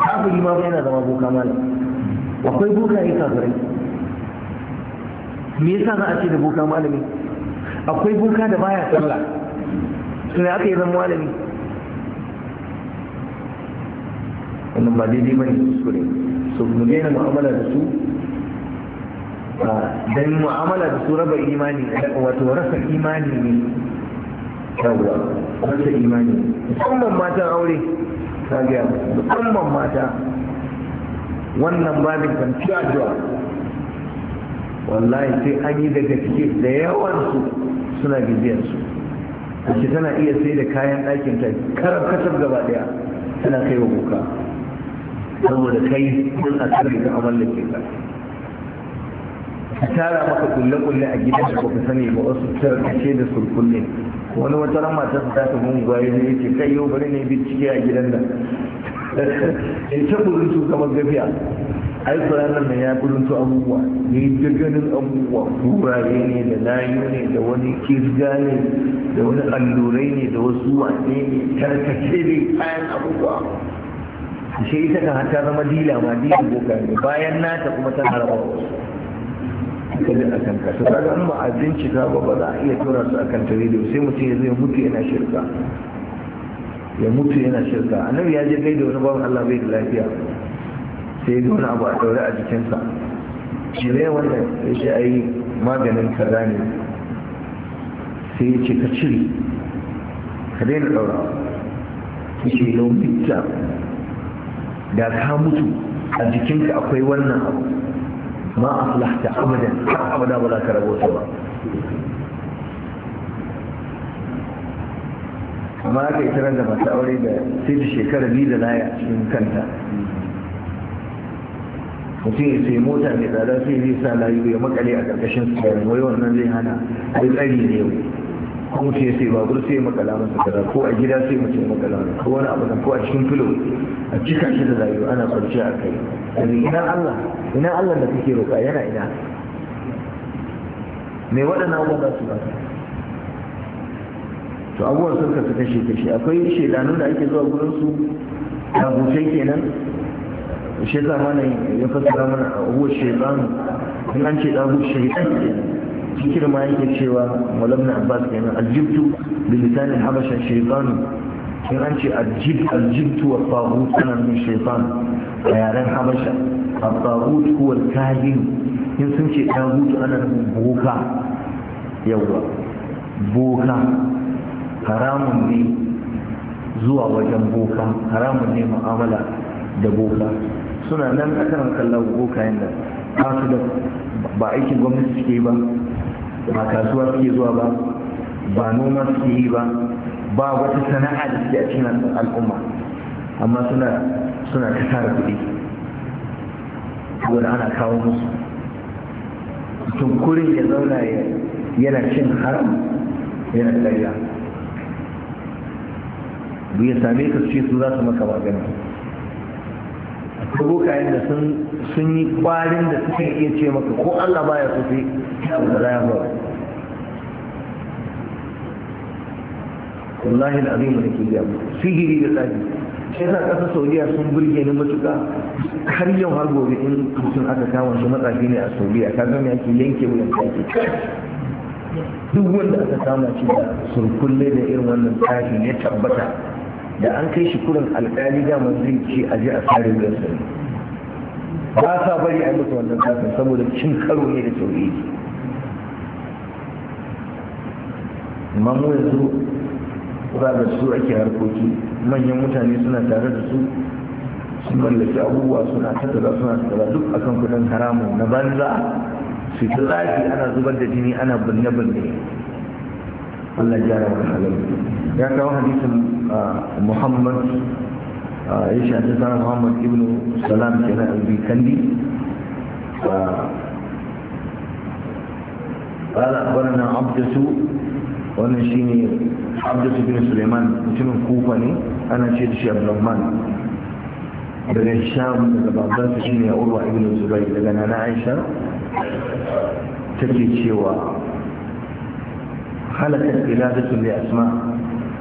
kafiri ma yana zama boka malami akwai bokaye kafirai me yasa za a ce da boka malami akwai boka da baya sallah to aka yi zama malami wannan ba daidai bane ne so mu daina mu'amala da su dan mu'amala da su raba imani wato rasa imani ne yawwa rasa imani musamman matan aure ta gaya musamman mata wannan babin kan ci addu'a wallahi sai an yi daga cikin da yawansu suna gajiyarsu wacce tana iya sai da kayan ɗakin ta karar kasar gaba ɗaya tana kai wa kuka da kai sun a tsarki ta amalin ke ka a tara maka kulle-kulle a gidan da baka sani ba wasu tarkace da surkulle wani wata rama ta ta ta mun gwaye ne yake kai yau bari ne bincike a gidan nan in ta kurintu kamar gafiya ai ranar nan ya kurintu abubuwa ne da ganin abubuwa kurare ne da layu ne da wani kirga ne da wani allurai ne da wasu wane ne karkace ne kayan abubuwa shi ita kan hata zama dila ma dila boka ne bayan nata kuma ta haraba ta ji akan ka to kaga in ba a ba ba za a iya tura su akan ta rediyo sai mutum ya zai mutu yana shirka ya mutu yana shirka annabi ya je kai da wani bawan Allah bai da lafiya sai ga wani abu a daure a jikinsa shi ne wannan ya ce ai maganin kaza ne sai ya ce ka cire ka daina daurawa shi ne da ka mutu a jikinka akwai wannan abu ma aflahta abadan har abada ba za ka rabo ta ba amma aka yi tarar da masu aure da sai da shekara biyu da a cikin kanta mutum ya sai mota mai tsada sai zai sa layu ya makale a ƙarƙashin su wai wannan zai hana yi tsari ne yau ko mutum ya sai babur sai makala masa kada ko a gida sai mutum ya ko wani abu ko a cikin filo a cika shi da rayuwa ana kwanciya a kai yanzu ina Allah ina Allah da kake roƙa yana ina mai waɗannan abubuwa za su ba to abubuwan sun kasu kashe kashe akwai shaidanu da ake zuwa gurin su tabutai kenan shi zamanin ya fassara mana a shaidanu in an ce ɗabu shaidan kenan shikir ma yake cewa malam na abbas kenan aljibtu bi lisanin habasha shaytan in an ce aljibtu wa taghut ana min a yaren habasha at-taghut huwa al-kahin in sun ce taghut ana nufin boka yawa boka haramun ne zuwa wajen boka haramun ne mu'amala da boka suna nan akan kallon boka yadda ba da ba aikin gwamnati suke ba ba kasuwa suke zuwa ba ba noma suke yi ba ba wata sana'a da suke a cikin al'umma amma suna suna ta tara kuɗi saboda ana kawo musu mutum kurin ya zauna yana cin haram yana ƙarya bai same ka ce su za su maka magana ko da sun yi kwarin da suke iya ce maka ko Allah baya so sai abu da ya faru wallahi alazim da ke gaba sihiri da tsafi sai sa kasar saudiya sun burge ni matuka? har yau har gobe in mutum aka kama su matsafi ne a saudiya ka gami ake yanke wuyan kake duk wanda aka kama shi da surkulle da irin wannan tashi ya tabbata da an kai shi kurin alƙali dama zai ce a je a tsarin gansa ba sa bari a musu wannan kasan saboda cin karo ne da tauhidi amma mu yanzu ba da su ake harkoki manyan mutane suna tare da su sun mallaki abubuwa suna tattara suna tattara duk akan kudin haramun na banza su ta zafi ana zubar da jini ana binne-binne Allah ya gyara wani ya kawo hadisin muhammad ya shafi sana muhammad ibn salam ke na albi kandi قال أخبرنا عبدس ونشيني عبدس بن سليمان mutumin kufa ne ana ce da shi abdurrahman daga sham daga babban su shine urwa ibn zubair daga nana aisha take cewa halakar ila iladatun da asma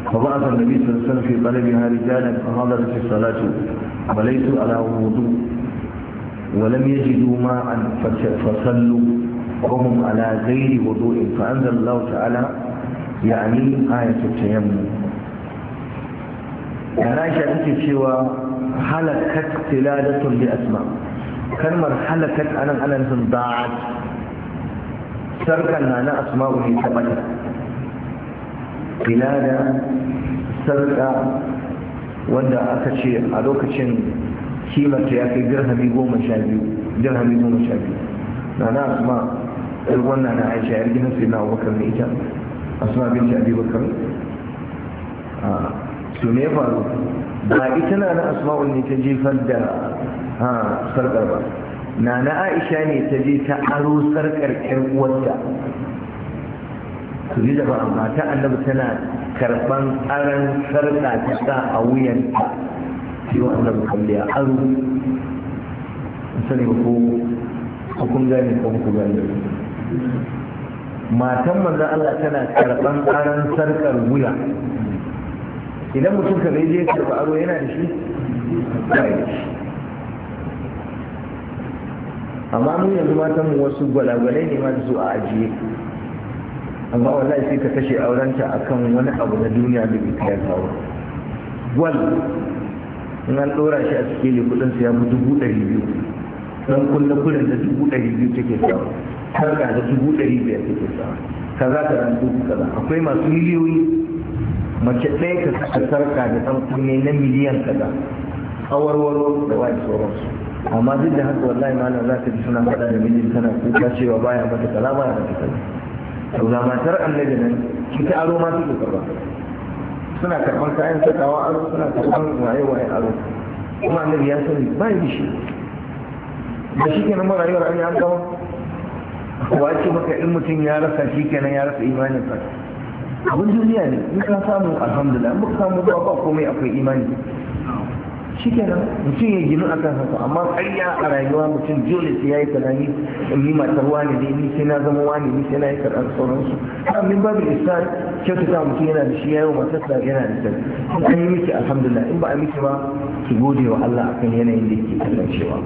فبعث النبي صلى الله عليه وسلم في قلبها رجالا فحضرت الصلاة وليسوا على وضوء ولم يجدوا ماء فصلوا وهم على غير وضوء فأنزل الله تعالى يعني آية التيمم يعني عائشة تكي سوى هلكت قلادة لأسماء كلمة هلكت أنا أنا نسم ضاعت سرقا أنا أسماء هي ثبتت filada sarƙa wanda aka ce a lokacin kimanta ya kai dirhami goma sha biyu dirhami goma sha biyu na na asma yar wannan na aisha yar gina sai na abubakar na ita asuma bin abi bakar su ne faru ba ita na na asuma wani ta jefar da sarƙar ba na na aisha ne ta je ta aro sarƙar ƴan uwarta ku ji da ba mata annabi tana karban aran sarƙa ta sa a wuyan ta shi wa annabi kalli a aro sani ko hukun gani ko ku gani matan manzan Allah tana karban aran sarƙar wuya idan mutum ka zai je karɓa aro yana da shi ba da shi amma mu yanzu matan wasu gwalagwalai ne ma su a ajiye amma wallahi sai ka kashe aurenta akan wani abu na duniya da bai kai kawo wal in an shi a cikin kudin sa ya fi dubu ɗari biyu don kulle kurin da dubu ɗari biyu take sawa harka da dubu ɗari biyar take sawa kaza ka ran dubu kaza akwai masu miliyoyi mace ɗaya ka saka sarka da ɗan kunne na miliyan kaza tsawarwaro da wani sauransu amma duk da haka wallahi malam za ka ji suna faɗa da mijin kana kuka cewa baya mata kalama baya mata kaza to da matar annabi nan ta aro ma suke karba suna karban kayan sakawa aro suna karban waye waye aro kuma annabi ya sani ba yi shi da shi kenan ba rayuwar an yi an kawo wace maka in mutum ya rasa shi kenan ya rasa imanin sa abin duniya ne in ka samu alhamdulillah in ba samu ba komai akwai imani shi kenan mutum ya ginu a kan haka amma ƙarya a rayuwa mutum dole sai ya yi tunani in ni matar wani ne ni sai na zama wani ni sai na yi karɓar sauransu amin babu ihsan kyautata mutum yana da shi ya yi wa matarsa yana da kyau in an yi miki alhamdulillah in ba a miki ba ki gode wa Allah akan yanayin da yake kasancewa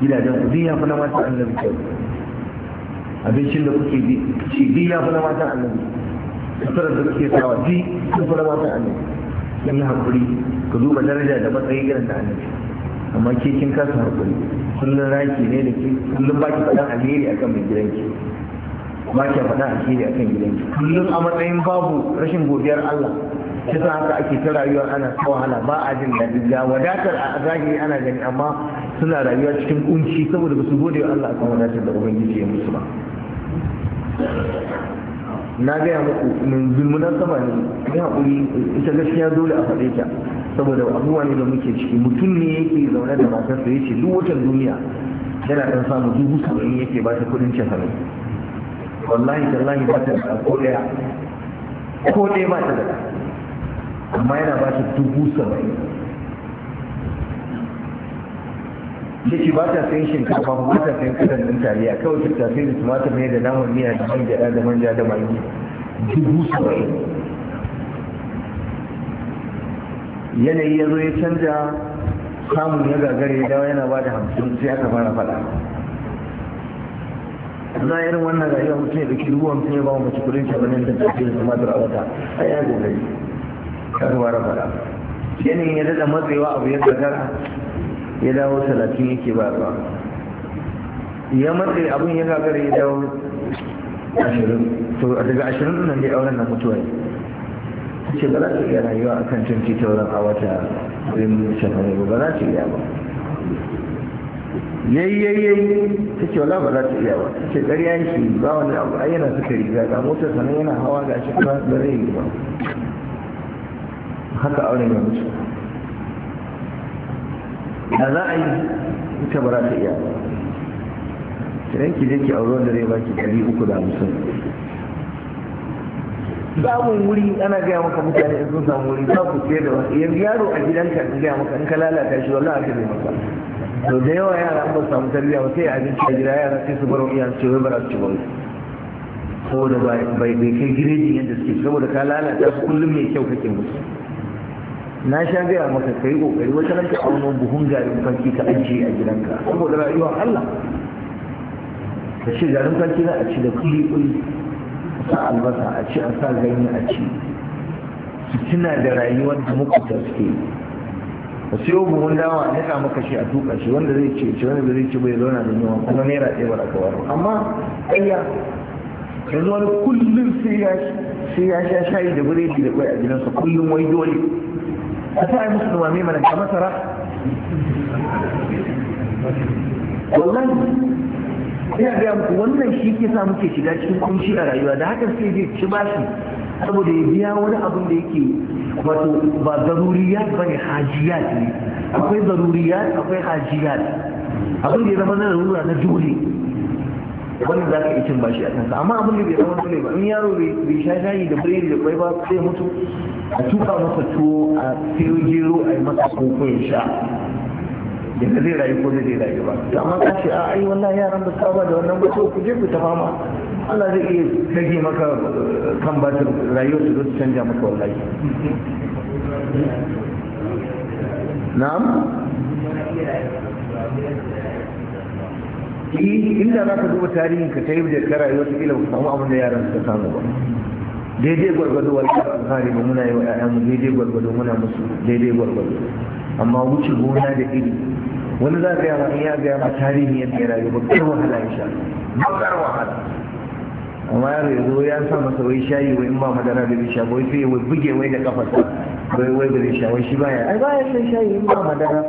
gidajen ku duk ya fi na matan annabi kyau abincin da kuke ci duk ya fi na matan annabi suturar da kuke sawa duk sun fi na matan annabi in haƙuri ka duba daraja da matsayi irin da annabi amma ke kin kasa haƙuri kullum raki ne da ke kullum ba ki faɗan alheri kan mai gidanki ba ki faɗan alheri kan gidanki kullum a matsayin babu rashin godiyar Allah shi sa haka ake ta rayuwar ana ta wahala ba a jin daɗi ga wadatar a zahiri ana gani amma suna rayuwa cikin kunci saboda ba su gode wa Allah kan wadatar da ubangiji ya musu ba na gaya muku mun zulmunan sama ne ya haƙuri ita gaskiya dole a faɗe ta saboda abubuwa ne da muke ciki mutum ne yake zaune da matarsa ya ce duk duniya yana ɗan samu dubu saba'in yake ba ta kuɗin cin hannu wallahi tallahi ba ta da ko ɗaya ko ɗaya ba ta da amma yana ba ta dubu saba'in ta ce ba ta sayan shinkafa ba ta sayan kasan ɗin kawai ta tafi da tumatir ne da namun miya da man gyaɗa da manja da magi dubu saba'in yanayi ya zo ya canja samun ya gagare ya dawa yana ba da hamsin sai aka fara faɗa za a irin wannan rayuwa mutum ya ɗauki ruwan sun ya ba mace kudin shabanin da tafi da tumatir a wata a ya gogari ka fara faɗa yanayin ya daɗa matsewa abu ya gagara ya dawo talatin yake ba ba ya matsayi abin ya gagara ya dawo ashirin to daga ashirin nan dai auren na mutuwa ne ta ce ba za su iya rayuwa a kan ta wurin a wata rin shafarai ba za su iya ba yayyayi ta ce wala ba za su iya ba ta ce ɗari shi ba wani abu ai yana suka riga ga motar sannan yana hawa ga shi ba zai yi ba haka auren ya mutu da za a yi ita ba za ta iya idan ki je ki auri wanda zai baki ɗari uku da hamsin samun wuri ana gaya maka mutane in sun samu wuri za ku fiye da wasu yanzu yaro a gidanka in gaya maka in ka lalata shi wallahi aka zai maka to da yawa yara an ba samu tarbiyya ba sai abinci a gida yara sai su bar iyayen su ba su ci ba bai kai girejin yadda suke saboda ka lalata su kullum mai kyau kake musu na sha gaya maka kai kokari wata nan ta auno buhun garin fanki ka ajiye a gidanka saboda rayuwar Allah ka ce garin fanki za a ci da kuli kuli sa albasa a ci a sa ganye a ci su tuna da rayuwar da makwabta suke ka siyo buhun dawa a nika maka shi a tuka shi wanda zai ce ce wanda zai ce bai zauna da yawa kuma naira ɗaya ba ka waro amma ayya yanzu wani kullum sai ya sha shayi da biredi da kwai a gidansa kullum wai dole a ta yi mana ga masara wannan shi ke sa muke shiga cikin kunshi a rayuwa da haka sai zai ci bashi saboda ya biya wani abin da yake wato ba zaruriyat ba ne hajiyat ne akwai zaruriyat akwai hajiyat abin da ya zama na larura na dole wannan za ka yi cin bashi a kansa amma abin da bai zama ne ba in yaro bai sha shayi da biredi da kwai ba sai mutu a tuka masa tuwo a sayo gero a yi masa koko ya sha ka zai rayu ko zai rayu ba to amma kashi a ai wallahi yaran ba su saba da wannan ba to ku je ku ta fama Allah zai iya rage maka eh, kan ba su rayuwar su zai canja maka wallahi na'am inda za ka duba tarihin ka ta yi da kara yau ta ila samu abin da yaran suka samu ba daidai gwargwado wani alfahari ba muna yi wa 'ya'yanmu daidai gwargwado muna musu daidai gwargwado amma wuce gona da iri wani za ka yawa ya ga yawa tarihin yadda ya rayu bakar wahala ya sha bakar wahala amma ya zo ya sa masa wai shayi wai in ba madara da bisha wai sai wai buge wai da kafarsa wai wai da bisha wai shi baya ai baya san shayi in ba madara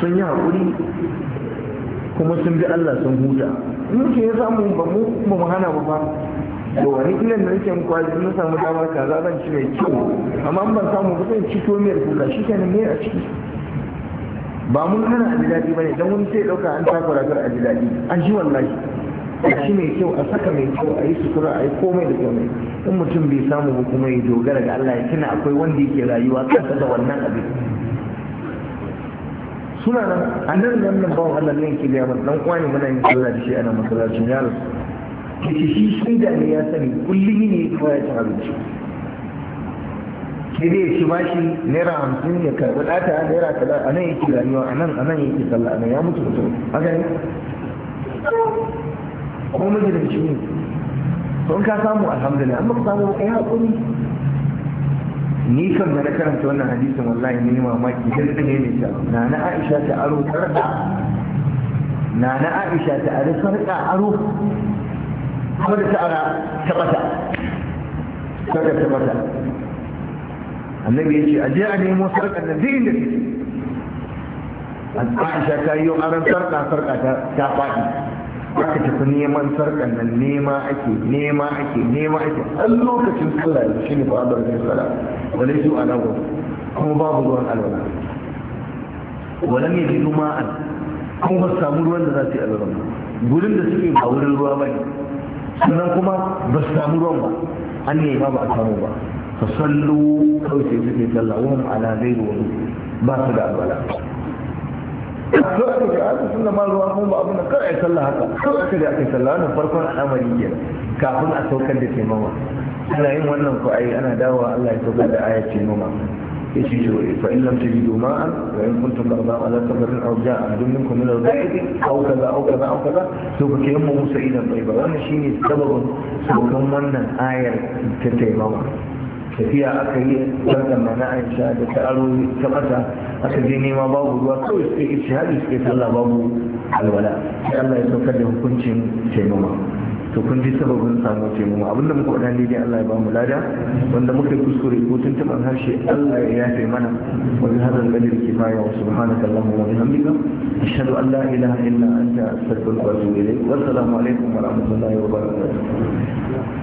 sun yi haƙuri kuma sun bi Allah sun huta in ke samu ba mu ba mu hana ba da wani ilan da nake muku aji na samu dama kaza zan ci mai kyau amma an ban samu ba zan ci to miyar kuka shi kenan mai a ciki ba mun hana a jidadi daɗi ba ne don wani sai ɗauka an takura kar a jidadi daɗi an ji wallahi a mai kyau a saka mai kyau a yi sutura a yi komai da komai in mutum bai samu ba kuma ya dogara ga Allah ya tuna akwai wanda yake rayuwa kansa da wannan abin suna nan a nan nan nan bawon Allah ne ke gaya dan kwani muna yin sallah da shi ana masallacin yaro kace shi da ne ya sani kullum ne ya kawai cin abinci ke dai shi ba shi naira hamsin ya karɓi ɗata naira talar a nan yake rayuwa a nan a nan yake sallah a nan ya mutu mutum a gani ko majalarci ne to in ka samu alhamdulillah amma ka samu kai haƙuri ni kan da na karanta wannan hadisin wallahi ne mamaki dan ne ne ta na na Aisha ta aro sarƙa na na Aisha ta aro sarƙa aro kuma da ta ara tabata sarƙa tabata annabi yace aje a nemo sarƙar nan duk inda take Aisha ta yi aron sarƙa sarƙa ta faɗi aka tafi neman sarkan nan nema ake nema ake nema ake an lokacin sallah ya shi ne fa'adar ne sallah Wani su ana wani kuma babu ruwan alwala wala ne bi ma'an kuma ba samu ruwan da za su yi alwala ba gurin da suke ba wurin ruwa ba ne sannan kuma ba su samu ruwan ba an nema ba a samu ba fa sallu kawai sai suke sallah wahum ala zai ba su da alwala to ga an sunna ma ruwa mun ba abin da sallah haka to aka da aka sallah wannan farkon al'amari ne kafin a saukar da taimama ana yin wannan ko ai ana dawowa Allah ya saukar da ayat taimama يجي فإن لم تجدوا ماء وإن كنتم مرضى على سفر أو جاء أحد منكم من الغائب أو كذا أو كذا أو كذا سوف كيمه ba طيبا shine شيني saukan wannan ayar آية تتيمم tafiya aka yi sallar mana aisha da ta aro ta mata aka je nema babu ruwa kawai suke ishihadi suke sallah babu alwala sai Allah ya saukar da hukuncin taimama to kun ji sababin samu taimama abinda muka faɗa ne Allah ya bamu lada wanda muka kuskure ko tuntuɓar harshe Allah ya yafe mana wa bi hadal qadir kifaya wa subhanaka allahumma wa bihamdika ashhadu an la ilaha illa anta astaghfiruka wa atubu ilayk wa assalamu alaikum wa rahmatullahi wa barakatuh